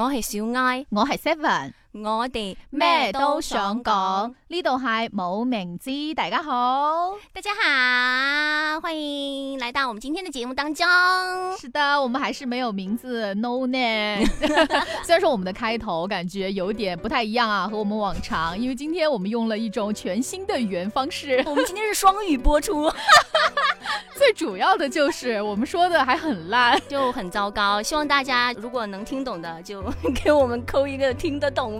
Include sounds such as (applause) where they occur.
我係小哀，我係 Seven。我哋咩都想講，呢度係冇名字。大家好，大家好，歡迎來到我們今天的節目當中。是的，我們還是沒有名字，no name。 (laughs) 雖然說我們的開頭感覺有點不太一樣啊，和我們往常，因為今天我們用了一種全新的語言方式。 (laughs) 我們今天是雙語播出， (laughs) (laughs) 最主要的就是我們說的還很爛，就很糟糕。希望大家如果能聽懂的，就給我們扣一個聽得懂。